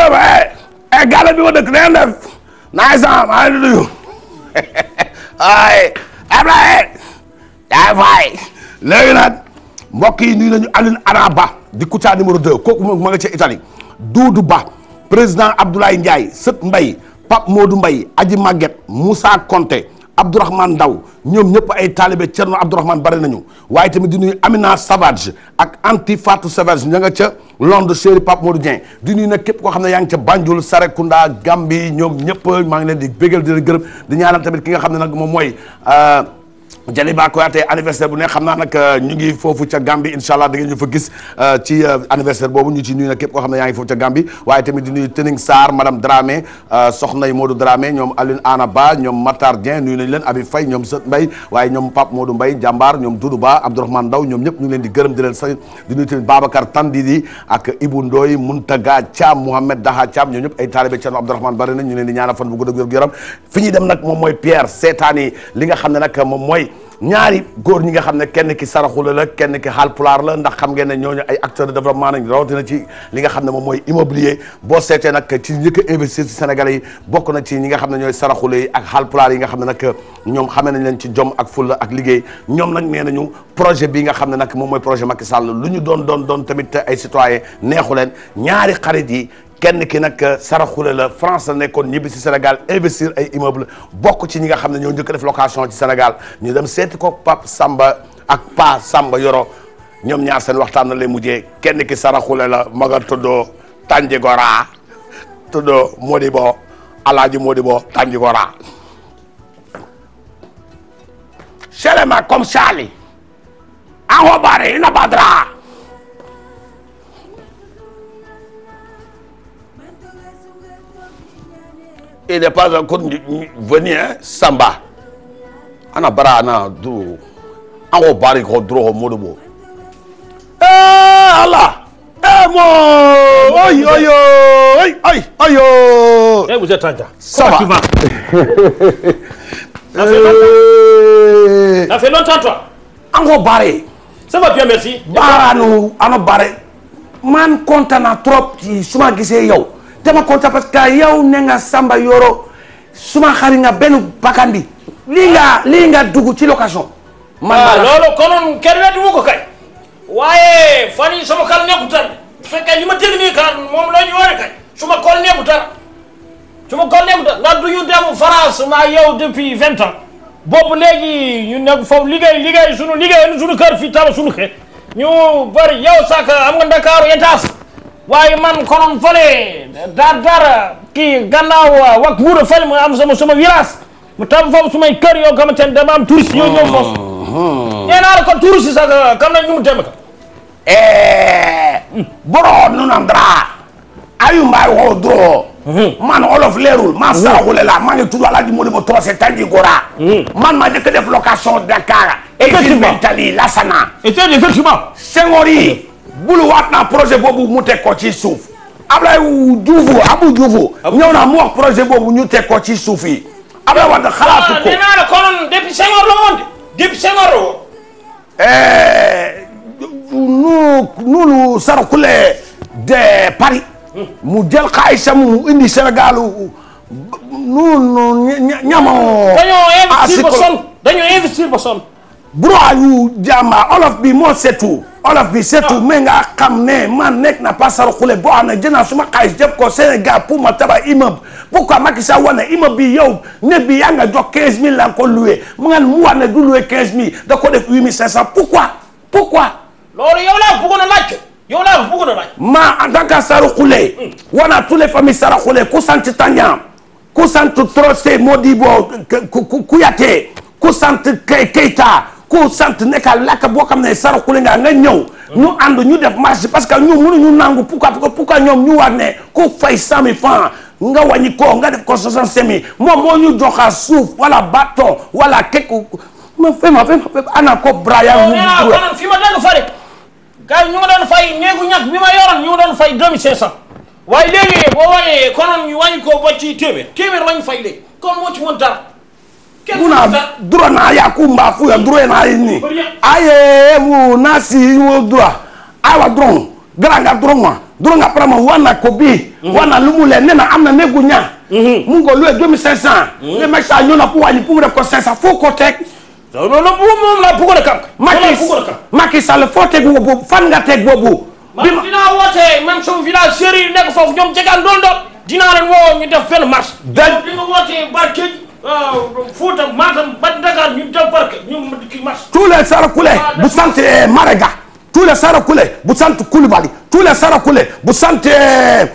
Diop eh eh gàll bi ma dëkk nee na def naaj sama maa ngi nuyu ay Ablaye yaay fay yi nuyu nañu Alioune di Kouthia numéro 2 kooku moom ma nga ca Italie Doudou Ba président Abdoulaye Ndiaye Sët mbay Pape Modou Mbaye Aji Maguette Moussa Konté Abdourahmane Ndaw ñoom ñëpp ay taalibe Cerno Abdourahmane bari nañu waaye tamit di nuyu Amina Savage ak Anti Fatou Savage ña nga ca Londres chéri Pape Modou Dieng du nuyu na képp koo xam ne yaa ngi ca Banjul Sarekunda Gambie ñoom ñëpp maa ngi leen di bégal di leen gërëm di ñaanal tamit ki nga xam ne nag moom mooy euh, Jaliba Kouyaté anniversaire bu ne xam naa nag euh, ñu ngi foofu ca Gambie incha allah da ngeen ñu fa gis euh, ci euh, anniversaire boobu ñu ci nuyu nag képp koo xam ne yaa ngi foofu ca Gambie waaye tamit di nuyu Tening Sarr madame Dramé soxna yi Modou ñoom Aline Ana Ba ñoom Matar Dieng nuyu nañu leen Abi Faye ñoom Sët Mbaye waaye ñoom Pape Modou Mbaye jàmbaar ñoom Doudou Ba Abdourahmane Ndaw ñoom ñëpp ñu leen di gërëm di leen sax di nuyu tamit Babacar Tandidi ak Ibou Ndoye Muntaga Thiam Mouhamed Daha Thiam ñoom ñëpp ay taalibe Thierno moom mooy Pierre seetaani li nga xam ne nag moom mooy ñaari góor ñi nga xam ne kenn ki saraxula la kenn ki xaalpulaar la ndax xam ngeen ne ñooñu ay acteur de développement nañ rawatina ci li nga xam ne moom mooy immobilier boo seetee nag ci njëkk a investir ci Sénégalais yi bokk na ci ñi nga xam ne ñooy saraxula yi ak xaalpulaar yi nga xam ne nag ñoom xamee nañ leen ci jom ak fulla ak liggéey ñoom nag nee nañu projet bi nga xam ne nag moom mooy projet Macky Sall lu ñu doon doon doon tamit ay citoyen neexu leen ñaari xarit yi kenn ki nag euh, saraxule la France la nekkoon ñibbi si Sénégal investir ay immeuble bokk ci ñi nga xam ne ñoo njëkk def location ci Sénégal ñu dem seeti ko Pape Samba ak Pa Samba Yoro ñoom ñaar seen waxtaan na lay mujjee kenn ki saraxule la ma nga tuddoo Tandigora tuddoo Modibo Alaaji Modibo Tandigora selema comme sali ango bari ina badra il n'est pas encore venu samba ana bara ana du an ko baari ko duro ko modibo eh ala eh mo oy oy oy oy oy eh vous êtes tanja ça va tu vas ça fait longtemps eh. ça fait longtemps toi an ko baari ça va bien merci baara nu ano baari man kontaan naa trop ci suma gisee yow dama kontaan parce que yow ne nga Samba Yoro suma xari nga benn bakandi lii nga lii dugg ci location. man ma ah, loolu konoon kenn weddiwu ko kay. waaye fan yii sama kàll nekku tar bu ma dégg la ñu war kay kol nekku tar suma kol nekku tar ndax du ñu dem France ma yow depuis vingt ans boobu léegi ñu nekk liggéey liggéey sunu liggéey sunu kër fii taw sunu xeet ñu bari yow sax am nga Ndakaaru étage. waaye man konoon fale daar daara kii gannaaw ah, wak wuura mu am sama mu tam foofu sumay kër yoo xamante ne dama am touriste yoo ñëw foofu uh-huh. nee naa la ah, mu tembe ka eh, hmm. boroo nun am ayu mbaay woo duro hmm. man olof leerul man hmm. saraxule la maa ngi tudd Alaaji Modibo Touré Tanji Gora man ma njëkk def location Dakar et Tali Lassana effectivement Senghor yi bul waat naa projet boobu mu teg ko ci suuf Ablaye Diouf Abou Diouf ñëw naa mu wax projet boobu ñu teg ko ci suuf yi Ablaye Wade xalaatu ko. Ah, nee naa la konoon depuis Senghor la woon de depuis Senghor la woon. Eh, nu nu lu sarkule de Paris. Hmm. mu jël xaalisam mu indi Sénégal nu nu ña ña ñamoo. dañoo investir ah, ba sonn dañoo investir ba sonn. droit yu jàmba olof bi moo setu olof bi setu ah. mais nga xam ne man nekk na pasar xule boo xam ne jënaa suma xaalis jëf ko Sénégal pour ma tabax immeuble pourquoi Macky Sall wax ne immeuble bi yow ne bi yaa nga jox quinze mille la ko loué mu ngeen mu wax ne du loué quinze mille da ko def huit mille cinq a laaj yow laa bëggoon xule hmm. wana tous les ku sant Tandian ku sant Trocé Modibo Kouyaté ku sant Keita ku sant nekkal a boo xam ne saraxulingaa nga ñëw ñu ànd ñu def marché parce que ñu mënuñu nangu pourquoi pourquoi ñoom ñu war ne ku fay cent mille francs nga wàññi ko nga def ko soixante-cinq mille moom moo ñu a suuf wala bâton wala keku ma fema fema ana ko braya mu fi ma doon fare gars yi ñu ma doon fay néegu ñàkk bi ma yoroon fay deux ko ba ci ci mën dara muna dura na ya kumba fu ya dura na ni aye mu na si mu dura awa dron granga dron ma dron nga prama wana kobi mhm. wana lumule nena amna negunya mhm. mungo lu 2500 mhm. ne ma sha nyona pour wali pour ko 500 fo ko tek non non mom la pour ko kam makis makis sale fo tek bobu fan nga tek bobu dina wote même sama village chéri nek fofu ñom jegal ndol ndol dina len wo ñu def fenn marche dañ Fouta Matam ba Dakar ñu débarqué ñu kii marche. tous les Sarakoule bu sant eh, Marega tous les Sarakoule bu sant Koulibaly tous les Sarakoule bu sant eh,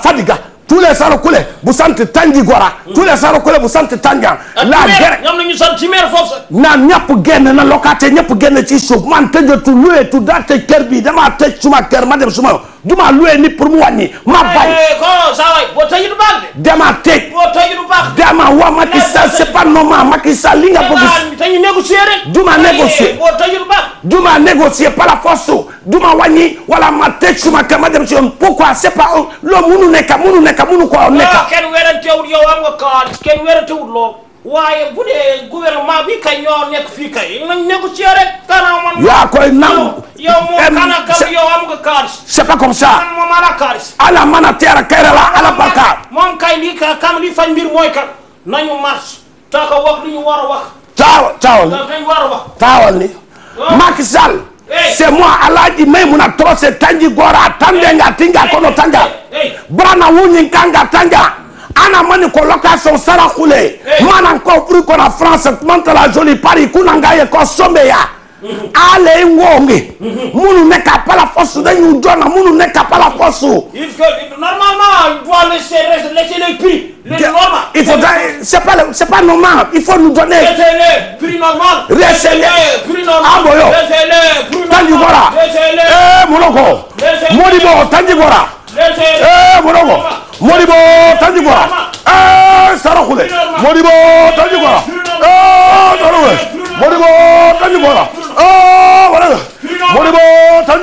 Fadiga tous les Sarakoule bu sant Tandjigora. Hmm. tous les Sarakoule bu sant Tandian. Ah, la guerre ñoom ñu sant ci maire foofu sax. naan ñëpp génn na locataire ñëpp génn ci suuf tu tëjatu luwetu daa tëj kër bi damaa tëj suma kër ma dem suma. juma luwee nit pour mu wàññi ma eh, bañ. Eh, ko saa waay boo tëjee du baax de. dama tëj. boo tëjee dama waa Macky Sall c'est pas normal Macky Sall li nga bëgg. dañuy négocier rek. juma eh, négocier boo tëjee du baax. juma négocier par la force juma wàññi wala ma tëj suma kër ma dem si yoon pourquoi c'est pas loolu munu nekk munu nekk munu koo ah, nekk. waaw kenn bi kay ñoo nekk koy nangu. c'est pas comme ça ala mana teera kayra la ala barka moom kay lii ka kam li fañ mbir mooy kan nañu oh. c'est moi gora tandenga tinga kono tanga brana wunyi nkanga tanga ana mani ko location sara kule mana ko pri ko na France mantala joli Paris kunanga ye ko sombe ya aale ngoonge munu nekka pala force dañu jona munu nekka pala force il faut normalement on doit laisser laisser les prix les normes il faut c'est pas c'est pas normal il faut nous donner laissez les prix normal laissez les prix normal aboyo laissez les prix normal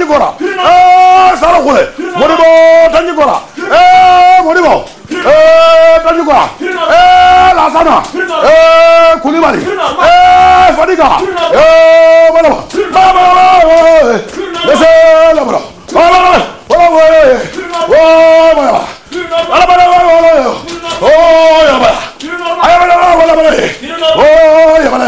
tanjikora e sara xule modi bo tanjikora e modi bo e tanjikora e lasana e kulibali e fadiga